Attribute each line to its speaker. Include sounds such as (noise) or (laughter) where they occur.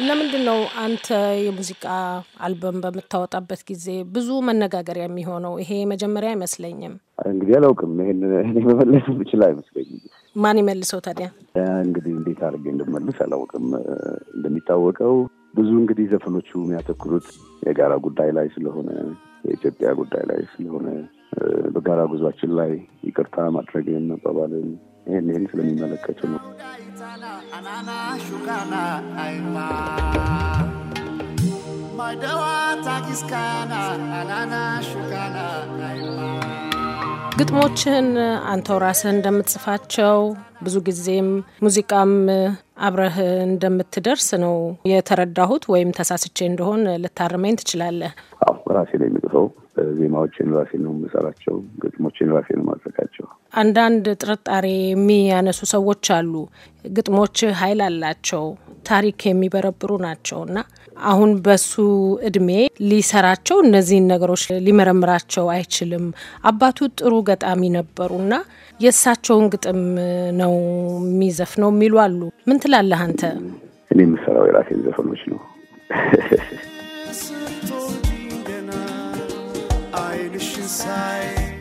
Speaker 1: እና ምንድን ነው አንተ የሙዚቃ አልበም በምታወጣበት ጊዜ ብዙ መነጋገሪያ የሚሆነው? ይሄ መጀመሪያ አይመስለኝም።
Speaker 2: እንግዲህ አላውቅም። ይሄን እኔ መመለስ የምችል አይመስለኝም።
Speaker 1: ማን ይመልሰው ታዲያ?
Speaker 2: እንግዲህ እንዴት አድርጌ እንደመልስ አላውቅም። እንደሚታወቀው ብዙ እንግዲህ ዘፈኖቹ የሚያተኩሩት የጋራ ጉዳይ ላይ ስለሆነ የኢትዮጵያ ጉዳይ ላይ ስለሆነ በጋራ ጉዟችን ላይ ይቅርታ ማድረግን መባባልን ይህን ይህን ስለሚመለከቱ ነው። Anana Shukana Aima. My Dawa Takiskana Anana Shukana Aima.
Speaker 1: ግጥሞችን አንተው ራስህ እንደምትጽፋቸው ብዙ ጊዜም ሙዚቃም አብረህ እንደምትደርስ ነው የተረዳሁት። ወይም ተሳስቼ እንደሆን ልታርመኝ ትችላለህ።
Speaker 2: ራሴ ላይ የምጽፈው ዜማዎችን ራሴ ነው የምሰራቸው፣ ግጥሞችን ራሴ ነው
Speaker 1: አንዳንድ ጥርጣሬ የሚያነሱ ሰዎች አሉ። ግጥሞች ኃይል አላቸው፣ ታሪክ የሚበረብሩ ናቸው እና አሁን በሱ እድሜ ሊሰራቸው እነዚህን ነገሮች ሊመረምራቸው አይችልም። አባቱ ጥሩ ገጣሚ ነበሩና የእሳቸውን ግጥም ነው የሚዘፍነው የሚሉ አሉ። ምን ትላለህ አንተ?
Speaker 2: እኔ የምሰራው የራሴን ዘፈኖች ነው። (laughs) አይንሽን ሳይ